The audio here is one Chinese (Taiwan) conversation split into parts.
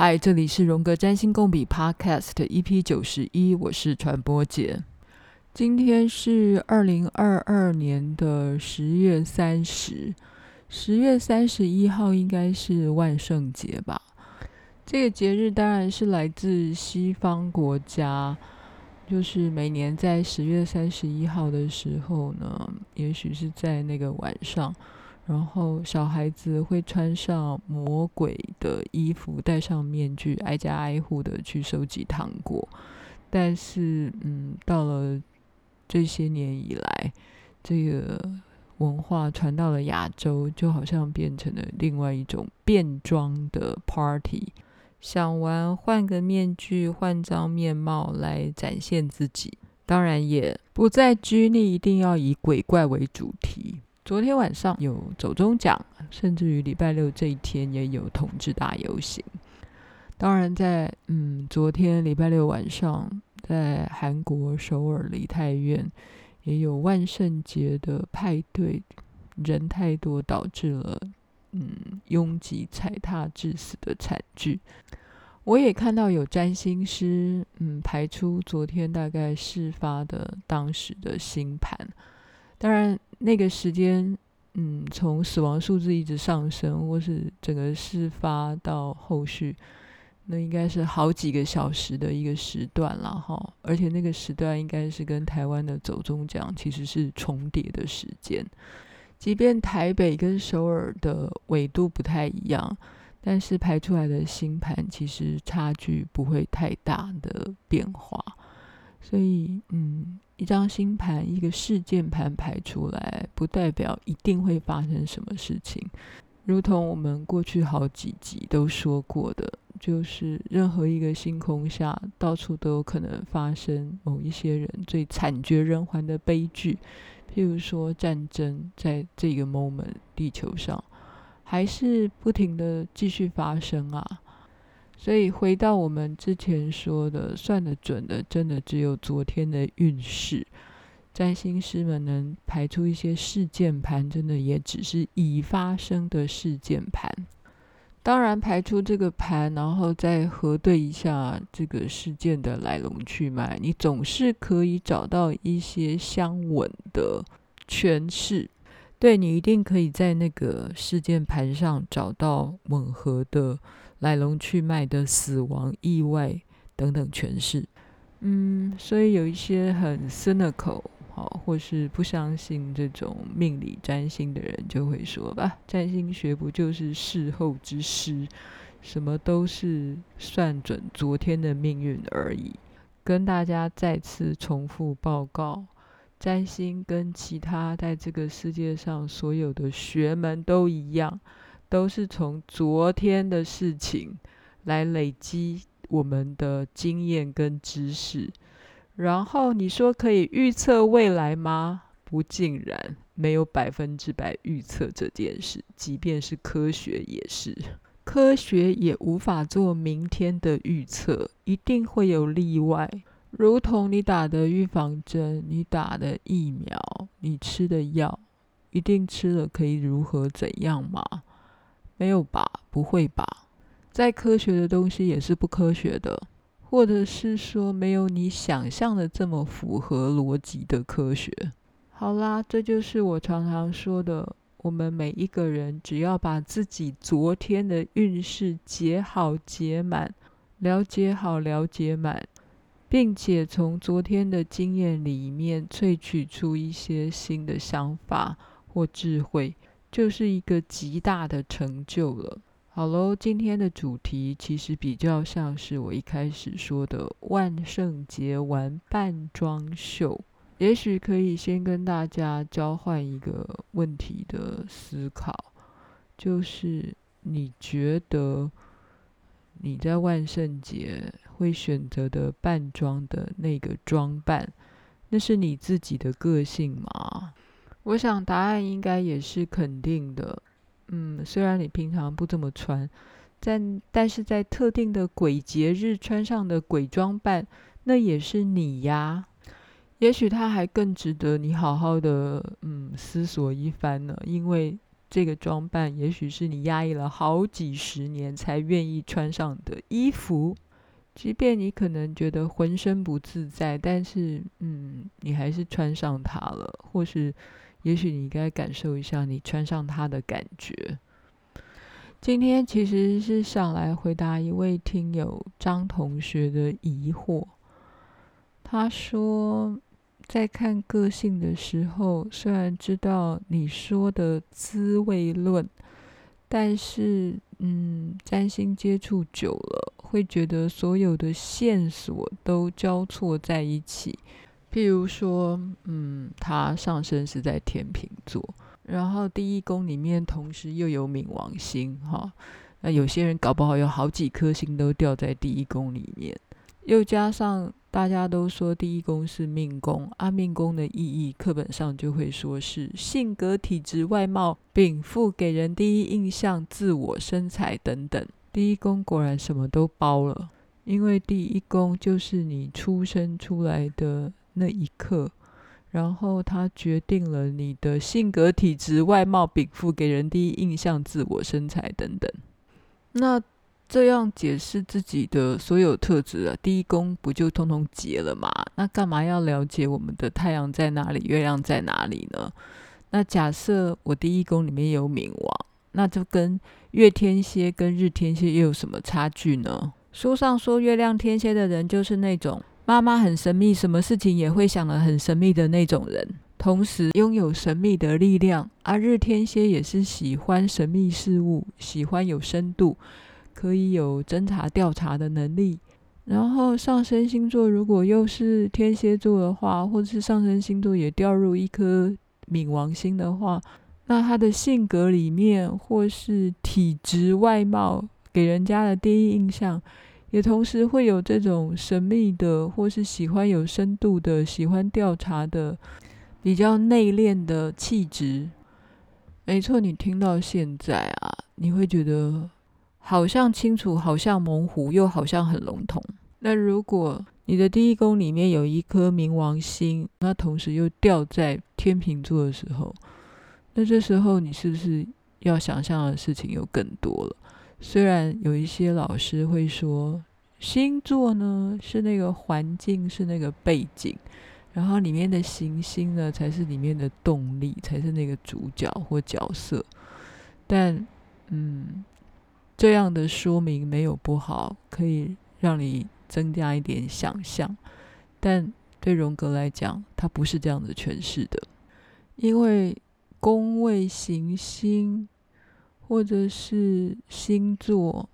嗨，這裡是榮格占星共筆 Podcast EP 九十一，我是傳播姐。今天是二零二二年的十月三十，十月三十一號應該是萬聖節吧？這個節日當然是來自西方國家，就是每年在十月三十一號的時候呢，也許是在那個晚上。然後小孩子會穿上魔鬼的衣服，戴上面具，挨家挨戶的去收集糖果。但是，嗯，到了這些年以來，這個文化傳到了亞洲，就好像變成了另外一種變裝的 party，想玩換個面具，換張面貌來展現自己。當然也不再拘泥，一定要以鬼怪為主題。昨天晚上有走鐘獎，甚至於禮拜六這一天也有同志大遊行。當然在，在嗯，昨天禮拜六晚上，在韓國首爾梨泰院也有萬聖節的派對，人太多導致了嗯擁擠踩踏致死的慘劇。我也看到有占星師嗯排出昨天大概事發的當時的星盤，當然。那個時間，嗯，從死亡數字一直上升，或是整個事發到後續，那應該是好幾個小時的一個時段了哈。而且那個時段應該是跟台灣的走鐘獎，其實是重疊的時間，即便台北跟首爾的緯度不太一樣，但是排出來的星盤其實差距不會太大的變化。所以，嗯，一張星盤、一個事件盤排出來，不代表一定會發生什麼事情。如同我們過去好幾集都說過的，就是任何一個星空下，到處都有可能發生某一些人最慘絕人寰的悲劇。譬如說，戰爭在這個 moment 地球上還是不停地繼續發生啊。所以回到我們之前說的，算得準的，真的只有昨天的運勢。占星師們能排出一些事件盤，真的也只是已發生的事件盤。當然，排出這個盤，然後再核對一下這個事件的來龍去脈，你總是可以找到一些相吻的詮釋。對，你一定可以在那個事件盤上找到吻合的。來龍去脈的死亡意外等等詮釋，嗯，所以有一些很 cynical 好，或是不相信這種命理占星的人就會說吧，占星學不就是事後之師，什麼都是算準昨天的命運而已。跟大家再次重複報告，占星跟其他在這個世界上所有的學門都一樣。都是從昨天的事情來累積我們的經驗跟知識，然後你說可以預測未來嗎？不盡然，沒有百分之百預測這件事。即便是科學也是，科學也無法做明天的預測，一定會有例外。如同你打的預防針，你打的疫苗，你吃的藥，一定吃了可以如何怎樣嗎？沒有吧？不會吧？再科學的東西也是不科學的，或者是說沒有你想象的這麼符合邏輯的科學。好啦，這就是我常常說的，我們每一個人只要把自己昨天的運勢解好解滿，了解好了解滿，並且從昨天的經驗裡面萃取出一些新的想法或智慧。就是一個極大的成就了。好嘍，今天的主題其實比較像是我一開始說的萬聖節玩扮裝秀。也許可以先跟大家交換一個問題的思考，就是你覺得你在萬聖節會選擇的扮裝的那個裝扮，那是你自己的個性嗎？我想答案應該也是肯定的。嗯，雖然你平常不怎麼穿，但但是在特定的鬼節日穿上的鬼裝扮，那也是你呀。也許它還更值得你好好的嗯思索一番呢，因為這個裝扮也許是你壓抑了好幾十年才願意穿上的衣服，即便你可能覺得渾身不自在，但是嗯，你還是穿上它了，或是。也許你應該感受一下你穿上它的感覺。今天其實是想來回答一位聽友張同學的疑惑。他說，在看個性的時候，雖然知道你說的滋味論，但是嗯，占星接觸久了，會覺得所有的線索都交錯在一起。譬如說，嗯，他上升是在天秤座，然後第一宮裡面同時又有冥王星，哈、哦，那有些人搞不好有好幾顆星都掉在第一宮裡面，又加上大家都說第一宮是命宮，啊，命宮的意義課本上就會說是性格、體質、外貌、稟賦、給人第一印象、自我、身材等等，第一宮果然什麼都包了，因為第一宮就是你出生出來的。那一刻，然後它決定了你的性格、體質、外貌、稟賦、給人第一印象、自我、身材等等。那這樣解釋自己的所有特質啊，第一宮不就通通結了嗎？那幹嘛要了解我們的太陽在哪裡，月亮在哪裡呢？那假設我第一宮裡面有冥王，那就跟月天蠍跟日天蠍又有什麼差距呢？書上說，月亮天蠍的人就是那種。媽媽很神秘，什麼事情也會想了很神秘的那種人，同時擁有神秘的力量。而、啊、日天蠍也是喜歡神秘事物，喜歡有深度，可以有偵查調查的能力。然後上升星座如果又是天蠍座的話，或是上升星座也掉入一顆冥王星的話，那他的性格裡面或是體質外貌給人家的第一印象，也同時會有這種神秘的，或是喜歡有深度的、喜歡調查的、比較內斂的氣質。沒錯，你聽到現在啊，你會覺得好像清楚，好像模糊，又好像很籠統。那如果你的第一宮裡面有一顆冥王星，那同時又掉在天秤座的時候，那這時候你是不是要想象的事情又更多了？雖然有一些老師會說，星座呢是那個環境，是那個背景，然後裡面的行星呢才是裡面的動力，才是那個主角或角色。但嗯，這樣的說明沒有不好，可以讓你增加一點想象。但對榮格來講，他不是這樣子詮釋的，因為宮位行星。或者是星座，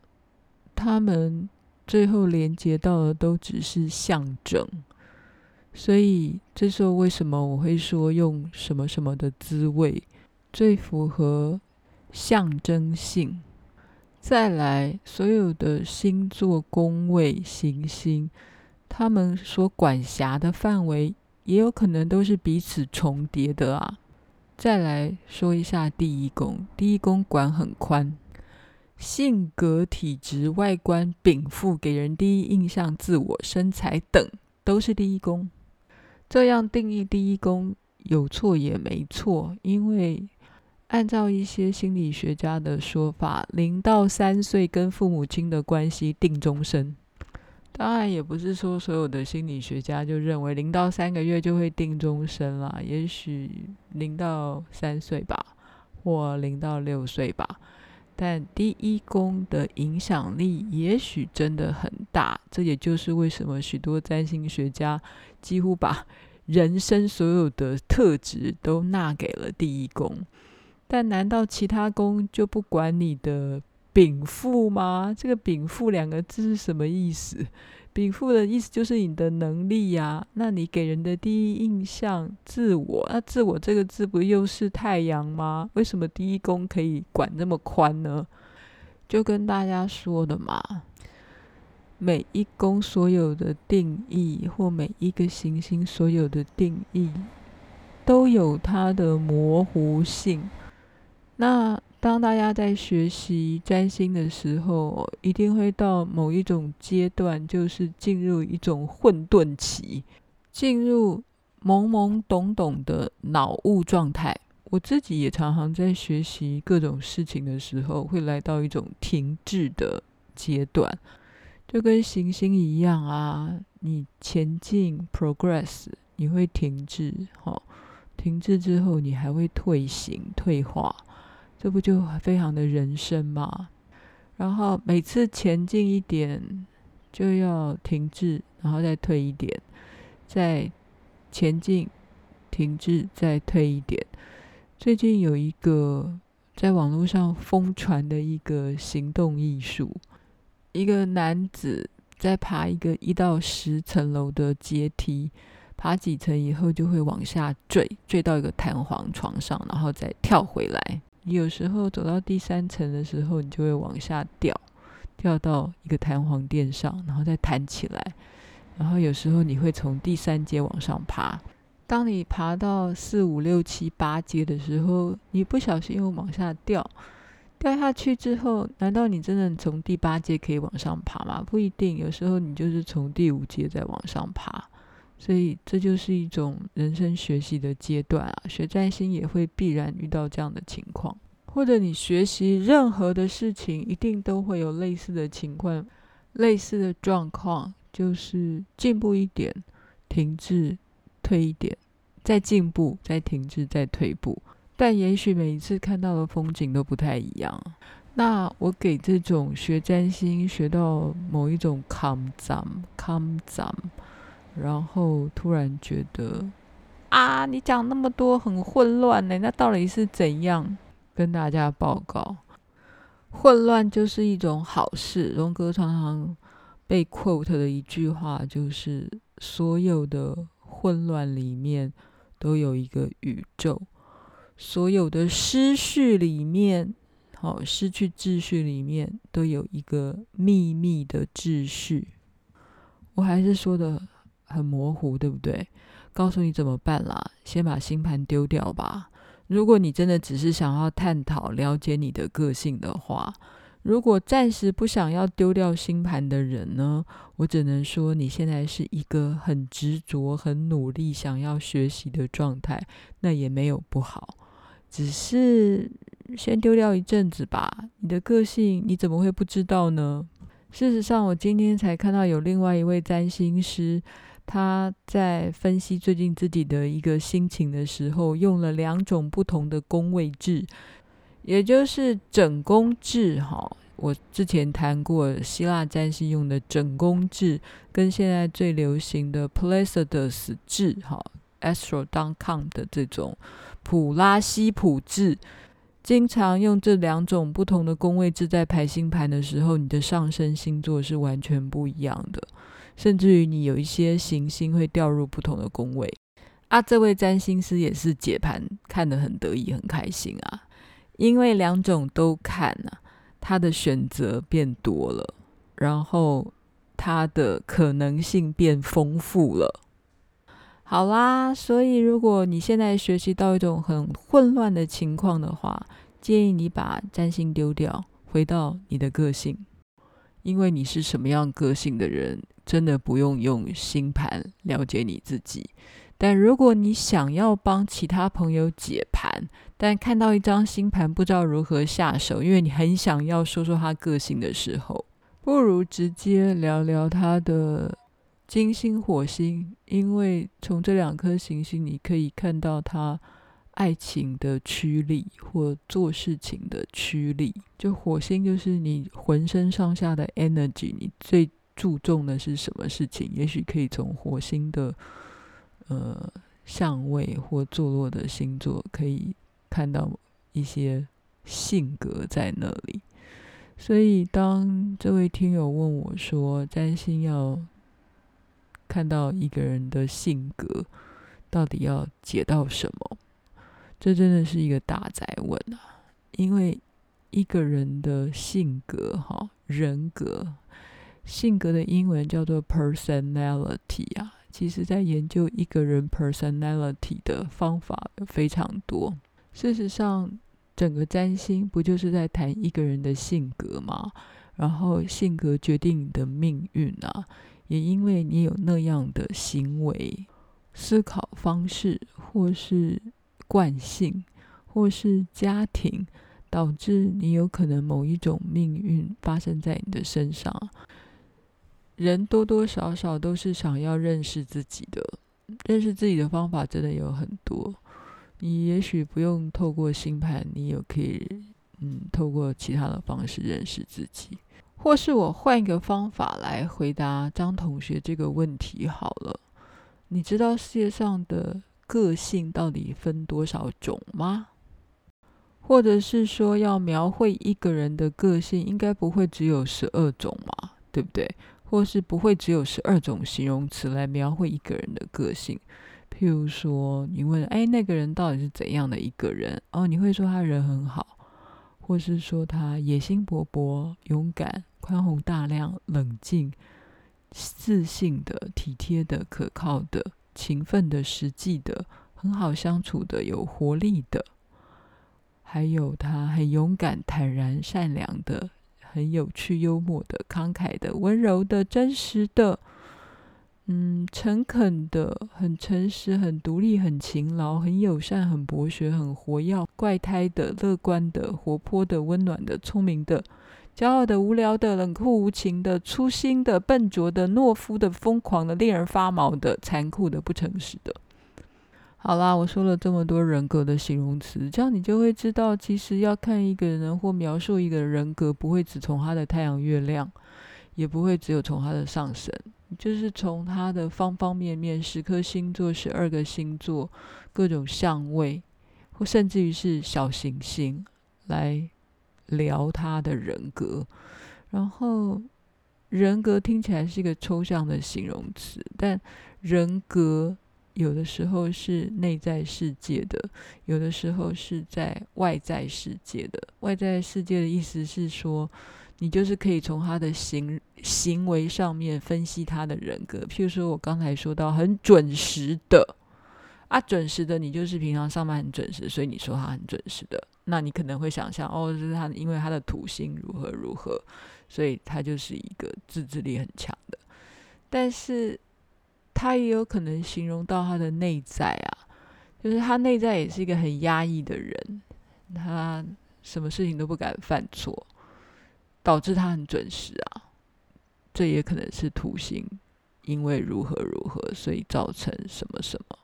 他們最後連接到的都只是象徵，所以這時候為什麼我會說用什麼什麼的滋味最符合象徵性？再來，所有的星座、宮位、行星，他們所管轄的範圍也有可能都是彼此重疊的啊。再來說一下第一宮，第一宮管很寬，性格、體質、外觀、稟賦、給人第一印象、自我、身材等，都是第一宮。這樣定義第一宮有錯也沒錯，因為按照一些心理學家的說法，零到三歲跟父母親的關係定終身。當然也不是說所有的心理學家就認為零到三個月就會定終身啦，也許零到三歲吧，或零到六歲吧。但第一宮的影響力也許真的很大，這也就是為什麼許多占星學家幾乎把人生所有的特質都納給了第一宮。但難道其他宮就不管你的？禀賦嗎？這個“禀賦”兩個字是什麼意思？“禀賦”的意思就是你的能力呀、啊。那你給人的第一印象，自我，那“自我”這個字不又是太陽嗎？為什麼第一宮可以管那麼寬呢？就跟大家說的嘛，每一宮所有的定義，或每一個行星所有的定義，都有它的模糊性。那。當大家在學習占星的時候，一定會到某一種階段，就是進入一種混沌期，進入懵懵懂懂的腦霧狀態。我自己也常常在學習各種事情的時候，會來到一種停滯的階段，就跟行星一樣啊，你前進 （progress），你會停滯，吼，停滯之後，你還會退行、退化。這不就非常的人生嘛？然後每次前進一點就要停滯，然後再退一點，再前進，停滯，再退一點。最近有一個在網絡上瘋傳的一個行動藝術，一個男子在爬一個一到十層樓的階梯，爬幾層以後就會往下墜，墜到一個彈簧床上，然後再跳回來。你有時候走到第三層的時候，你就會往下掉，掉到一個彈簧墊上，然後再彈起來。然後有時候你會從第三階往上爬。當你爬到四五六七八階的時候，你不小心又往下掉，掉下去之後，難道你真的從第八階可以往上爬嗎？不一定。有時候你就是從第五階再往上爬。所以這就是一種人生學習的階段啊，學占星也會必然遇到這樣的情況，或者你學習任何的事情，一定都會有類似的情況、類似的狀況，就是進步一點，停滯，退一點，再進步，再停滯，再退步。但也許每一次看到的風景都不太一樣。那我給這種學占星學到某一種康展、康展，然後突然覺得啊，你講那麼多很混亂呢、欸，那到底是怎樣？跟大家報告，混亂就是一種好事。榮格常常被 quote 的一句話就是：所有的混亂裡面都有一個宇宙，所有的失序裡面，好、哦、失去秩序裡面都有一個秘密的秩序。我還是說的。很模糊，對不對？告訴你怎麼辦啦，先把星盤丟掉吧。如果你真的只是想要探討、了解你的個性的話，如果暫時不想要丟掉星盤的人呢，我只能說你現在是一個很執着、很努力想要學習的狀態，那也沒有不好，只是先丟掉一陣子吧。你的個性你怎麼會不知道呢？事實上，我今天才看到有另外一位占星師。他在分析最近自己的一個心情的時候，用了兩種不同的宮位制，也就是整宮制。哈、哦，我之前談過希臘占星用的整宮制，跟現在最流行的 Placidus 制。哈、哦，Astro.com 的這種普拉西普制，經常用這兩種不同的宮位制在排星盤的時候，你的上升星座是完全不一樣的。甚至於你有一些行星會掉入不同的宮位啊，這位占星師也是解盤看得很得意很開心啊，因為兩種都看啊，他的選擇變多了，然後他的可能性變豐富了。好啦，所以如果你現在學習到一種很混亂的情況的話，建議你把占星丟掉，回到你的個性。因為你是什麼樣個性的人，真的不用用星盤了解你自己。但如果你想要幫其他朋友解盤，但看到一張星盤不知道如何下手，因為你很想要說說他個性的時候，不如直接聊聊他的金星、火星，因為從這兩顆行星你可以看到他，愛情的驅力，或做事情的驅力，就火星就是你渾身上下的 energy，你最注重的是什麼事情？也許可以從火星的呃相位或坐落的星座可以看到一些性格在那裡。所以，當這位聽友問我說，占星要看到一個人的性格，到底要解到什麼？這真的是一個大哉問啊！因為一個人的性格、哈人格，性格的英文叫做 personality 啊。其實，在研究一個人 personality 的方法非常多。事實上，整個占星不就是在談一個人的性格嗎？然後，性格決定你的命運啊。也因為你有那樣的行為、思考方式，或是。慣性，或是家庭，導致你有可能某一種命運發生在你的身上。人多多少少都是想要認識自己的，認識自己的方法真的有很多。你也許不用透過星盤，你也可以嗯透過其他的方式認識自己，或是我換一個方法來回答張同學這個問題好了。你知道世界上的。個性到底分多少種嗎？或者是說，要描繪一個人的個性，應該不會只有十二種嘛？對不對？或是不會只有十二種形容詞來描繪一個人的個性？譬如說，你問：“哎，那個人到底是怎樣的一個人？”哦，你會說他人很好，或是說他野心勃勃、勇敢、寬宏大量、冷靜、自信的、體貼的、可靠的。勤奮的、實際的、很好相處的、有活力的，還有他很勇敢、坦然、善良的、很有趣、幽默的、慷慨的、溫柔的、真實的，嗯，誠懇的、很誠實、很獨立、很勤勞、很友善、很博學、很活躍、怪胎的、樂觀的、活潑的、溫暖的、聰明的。驕傲的、無聊的、冷酷無情的、粗心的、笨拙的、懦夫的、瘋狂的、令人發毛的、殘酷的、不誠實的。好啦，我說了這麼多人格的形容詞，這樣你就會知道，其實要看一個人或描述一個人，人格，不會只從他的太陽、月亮，也不會只有從他的上升，就是從他的方方面面、十顆星座、十二個星座、各種相位，或甚至於是小行星來。聊他的人格，然後人格聽起來是一個抽象的形容詞，但人格有的時候是內在世界的，有的時候是在外在世界的。外在世界的意思是說，你就是可以從他的行行為上面分析他的人格。譬如說，我剛才說到很準時的。啊，準時的你就是平常上班很準時，所以你說他很準時的，那你可能會想象哦，就是他因為他的土星如何如何，所以他就是一個自制力很強的。但是他也有可能形容到他的內在啊，就是他內在也是一個很壓抑的人，他什麼事情都不敢犯錯，導致他很準時啊。這也可能是土星因為如何如何，所以造成什麼什麼。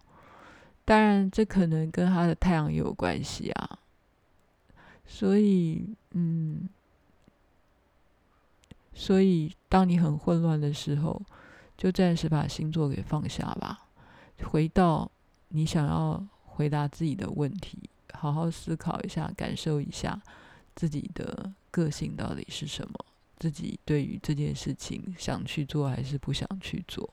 當然，這可能跟他的太陽也有關係啊。所以，嗯，所以當你很混亂的時候，就暫時把星座給放下吧，回到你想要回答自己的問題，好好思考一下，感受一下自己的個性到底是什麼，自己對於這件事情想去做還是不想去做。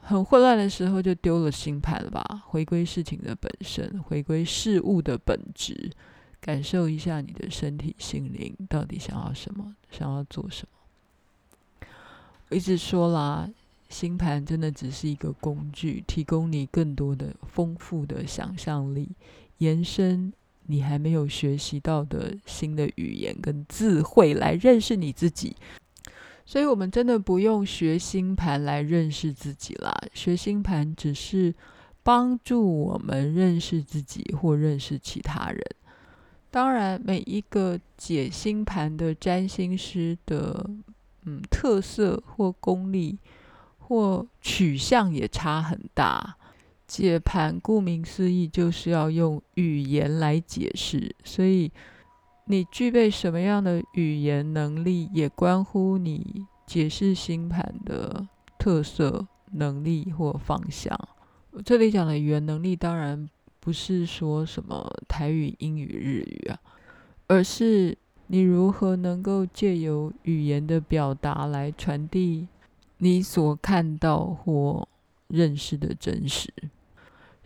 很混亂的時候，就丟了星盤了吧。回歸事情的本身，回歸事物的本質，感受一下你的身體、心靈到底想要什麼，想要做什麼。我一直說啦，星盤真的只是一個工具，提供你更多的豐富的想象力，延伸你還沒有學習到的新的語言跟智慧，來認識你自己。所以，我們真的不用學星盤來認識自己啦。學星盤只是幫助我們認識自己或認識其他人。當然，每一個解星盤的占星師的，嗯，特色或功力或取向也差很大。解盤顧名思義就是要用語言來解釋，所以。你具備什麼樣的語言能力，也關乎你解釋星盤的特色、能力或方向。我這裡講的語言能力，當然不是說什麼台語、英語、日語啊，而是你如何能夠借由語言的表達來傳遞你所看到或認識的真實。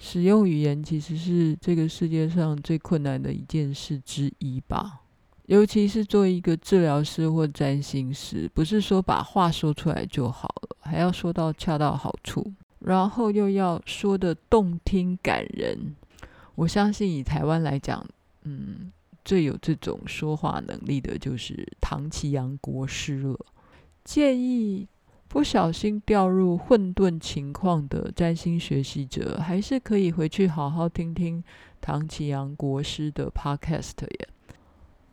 使用語言其實是這個世界上最困難的一件事之一吧，尤其是做一個治療師或占星師，不是說把話說出來就好了，還要說到恰到好處，然後又要說得動聽感人。我相信以台灣來講，嗯，最有這種說話能力的就是唐綺陽國師了。建議，不小心掉入混沌情況的占星學習者，還是可以回去好好聽聽唐綺陽國師的 podcast。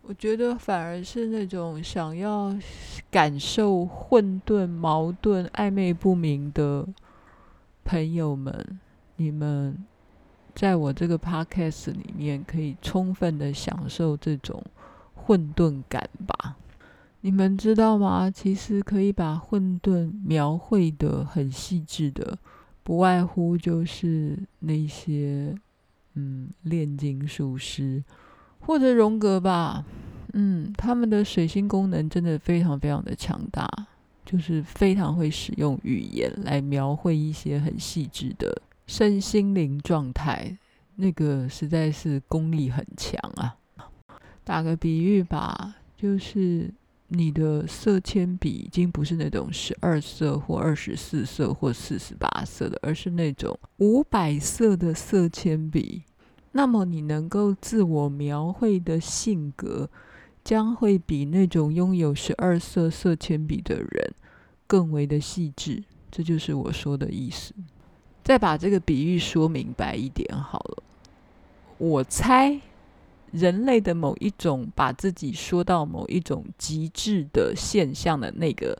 我覺得反而是那種想要感受混沌、矛盾、曖昧不明的朋友們，你們在我這個 podcast 裡面可以充分的享受這種混沌感吧。你們知道嗎？其實可以把混沌描繪得很細緻的，不外乎就是那些嗯，煉金術師或者榮格吧，嗯，他們的水星功能真的非常非常的強大，就是非常會使用語言來描繪一些很細緻的身心靈狀態，那個實在是功力很強啊。打個比喻吧，就是。你的色鉛筆已經不是那種十二色或二十四色或四十八色的，而是那種五百色的色鉛筆。那麼，你能夠自我描繪的性格，將會比那種擁有十二色色鉛筆的人，更為的細緻。這就是我說的意思。再把這個比喻說明白一點好了，我猜。人類的某一種把自己說到某一種極致的現象的那個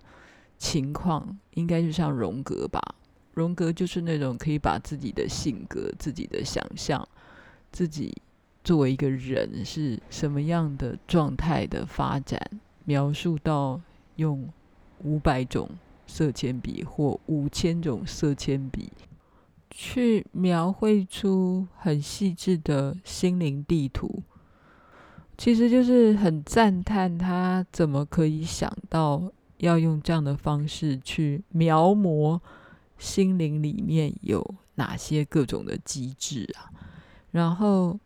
情況，應該就像榮格吧？榮格就是那種可以把自己的性格、自己的想象、自己作為一個人是什麼樣的狀態的發展，描述到用五百種色鉛筆或五千種色鉛筆去描繪出很細緻的心靈地圖。其實就是很讚嘆他怎麼可以想到要用這樣的方式去描摹心靈裡面有哪些各種的機制啊，然後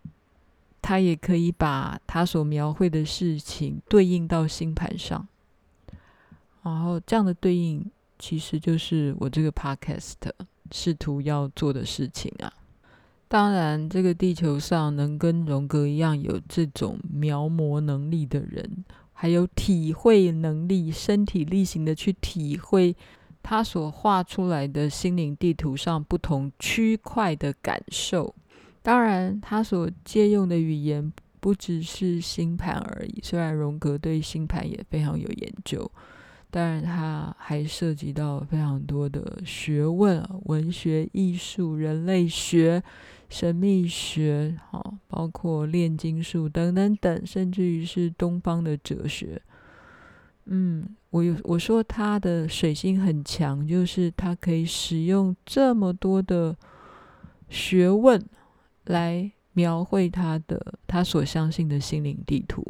他也可以把他所描繪的事情對應到星盤上，然後這樣的對應其實就是我這個 podcast 試圖要做的事情啊。當然，這個地球上能跟榮格一樣有這種描摹能力的人，還有體會能力、身體力行的去體會他所畫出來的心靈地圖上不同區塊的感受。當然，他所借用的語言不只是星盤而已。雖然榮格對星盤也非常有研究，但是他還涉及到非常多的學問、文學、藝術、人類學。神秘學，哈，包括煉金術等等等，甚至於是東方的哲學。嗯，我有我說他的水星很強，就是他可以使用這麼多的學問來描繪他的他所相信的心靈地圖。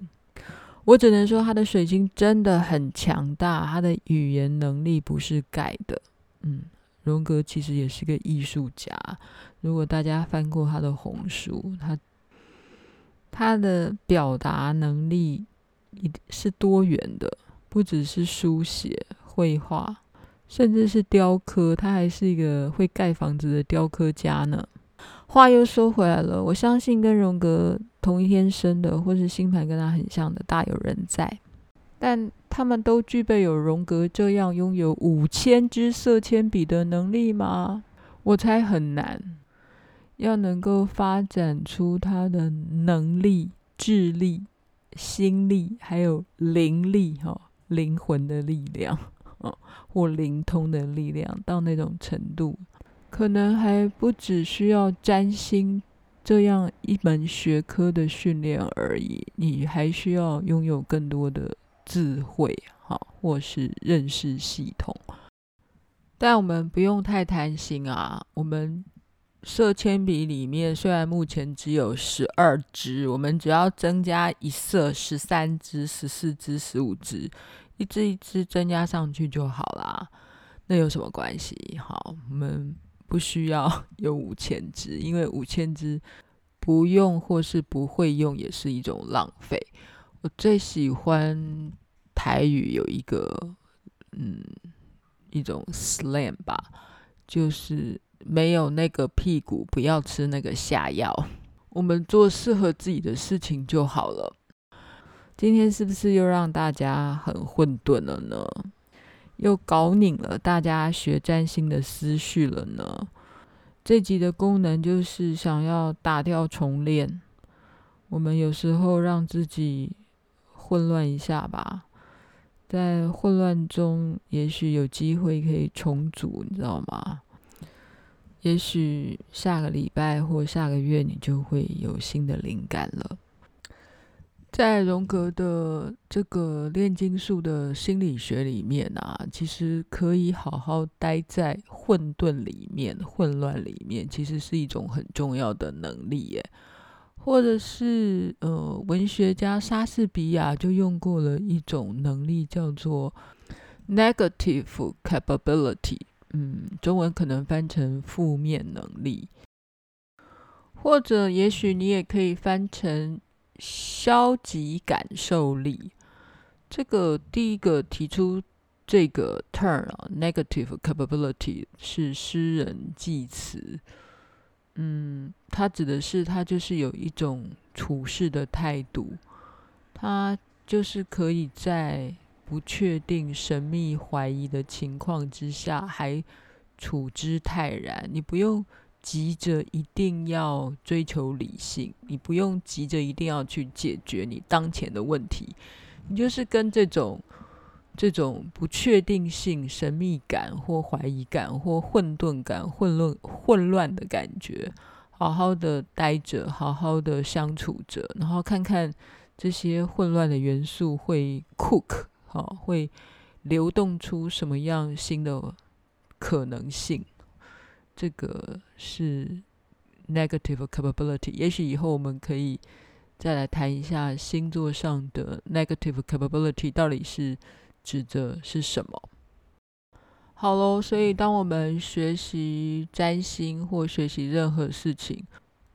我只能說，他的水星真的很強大，他的語言能力不是蓋的。嗯。榮格其實也是個藝術家。如果大家翻過他的紅書，他他的表達能力是多元的，不只是書寫、繪畫，甚至是雕刻。他還是一個會蓋房子的雕刻家呢。話又說回來了，我相信跟榮格同一天生的，或是星盤跟他很像的，大有人在。但他們都具備有榮格這樣擁有五千支色鉛筆的能力嗎？我猜很難。要能夠發展出他的能力、智力、心力，還有靈力、哦，哈，靈魂的力量、哦，或靈通的力量，到那種程度，可能還不只需要占星這樣一門學科的訓練而已。你還需要擁有更多的。智慧哈，或是認識系統，但我們不用太貪心啊。我們色鉛筆裡面雖然目前只有十二支，我們只要增加一色只，十三支、十四支、十五支，一支一支增加上去就好啦。那有什麼關係？好，我們不需要有五千支，因為五千支不用或是不會用也是一種浪費。我最喜歡。台語有一個，嗯，一種 slam 吧，就是沒有那個屁股，不要吃那個下藥，我們做適合自己的事情就好了。今天是不是又讓大家很混沌了呢？又搞擰了大家學占星的思緒了呢？這集的功能就是想要打掉重練，我們有時候讓自己混亂一下吧。在混亂中，也許有機會可以重組，你知道嗎？也許下個禮拜或下個月，你就會有新的靈感了。在榮格的這個煉金術的心理學裡面啊，其實可以好好待在混沌裡面、混亂裡面，其實是一種很重要的能力耶。或者是呃，文學家莎士比亞就用過了一種能力，叫做 negative capability，嗯，中文可能翻成負面能力，或者也許你也可以翻成消極感受力。這個第一個提出這個 term 啊，negative capability 是詩人濟慈。嗯，他指的是他就是有一種處事的態度，他就是可以在不確定、神秘、懷疑的情況之下還處之泰然。你不用急着一定要追求理性，你不用急着一定要去解決你當前的問題，你就是跟這種。這種不確定性、神秘感或懷疑感或混沌感、混亂、混亂的感覺，好好的待着，好好的相處着，然後看看這些混亂的元素會 cook，好，會流動出什麼樣新的可能性。這個是 negative capability。也許以後我們可以再來談一下星座上的 negative capability 到底是。指的是什麼？好嘍，所以當我們學習占星或學習任何事情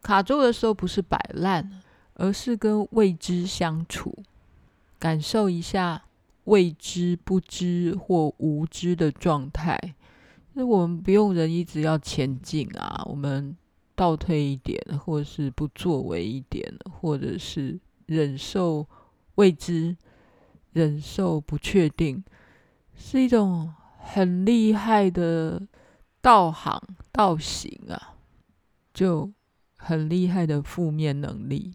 卡住的時候，不是擺爛，而是跟未知相處，感受一下未知、不知或無知的狀態。那我們不用人一直要前進啊，我們倒退一點，或者是不作為一點，或者是忍受未知。忍受不確定是一種很厲害的道行，道行啊，就很厲害的負面能力。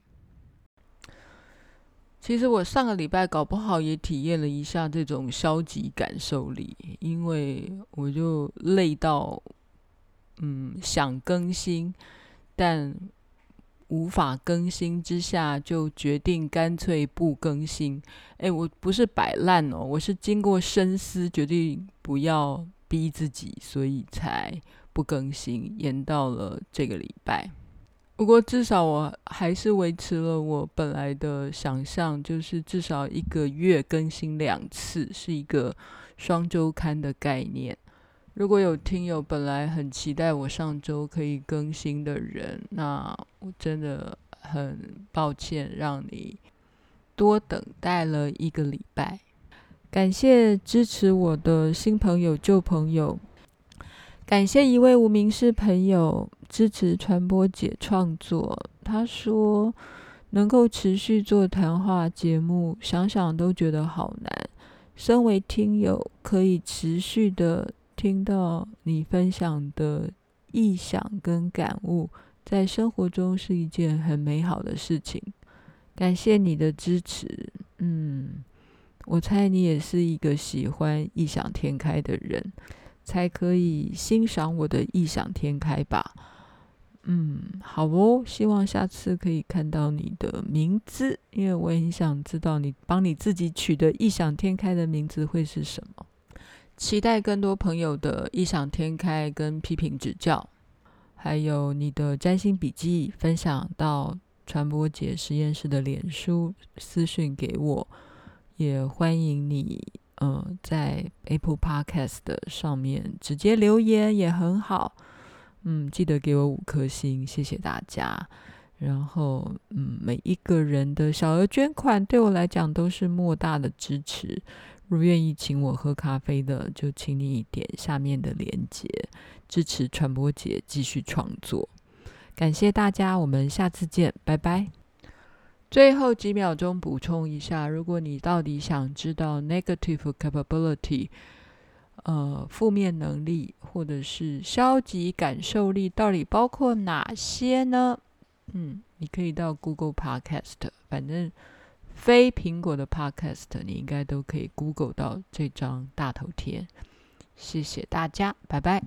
其實我上個禮拜搞不好也體驗了一下這種消極感受力，因為我就累到，嗯，想更新，但。無法更新之下，就決定乾脆不更新。誒，我不是擺爛哦，我是經過深思，決定不要逼自己，所以才不更新，延到了這個禮拜。不過至少我還是維持了我本來的想象，就是至少一個月更新兩次，是一個雙週刊的概念。如果有聽友本來很期待我上周可以更新的人，那我真的很抱歉，讓你多等待了一個禮拜。感謝支持我的新朋友、舊朋友，感謝一位無名氏朋友支持傳播姐創作。他說：“能夠持續做談話節目，想想都覺得好難。身為聽友，可以持續的。”聽到你分享的異想跟感悟，在生活中是一件很美好的事情。感謝你的支持，嗯，我猜你也是一個喜歡異想天開的人，才可以欣賞我的異想天開吧？嗯，好哦，希望下次可以看到你的名字，因為我也很想知道你幫你自己取的異想天開的名字會是什麼。期待更多朋友的異想天開跟批評指教，還有你的占星筆記分享到傳播姊實驗室的臉書，私訊給我，也歡迎你呃，在 Apple Podcast 的上面直接留言也很好，嗯，記得給我五顆星，謝謝大家。然後嗯，每一個人的小額捐款對我來講都是莫大的支持。如願意請我喝咖啡的，就請你點下面的連接支持傳播姊繼續創作。感謝大家，我們下次見，拜拜。最後幾秒鐘補充一下，如果你到底想知道 negative capability，呃，負面能力或者是消極感受力到底包括哪些呢？嗯，你可以到 Google Podcast，反正。非蘋果的 Podcast，你應該都可以 Google 到這張大頭貼。謝謝大家，拜拜。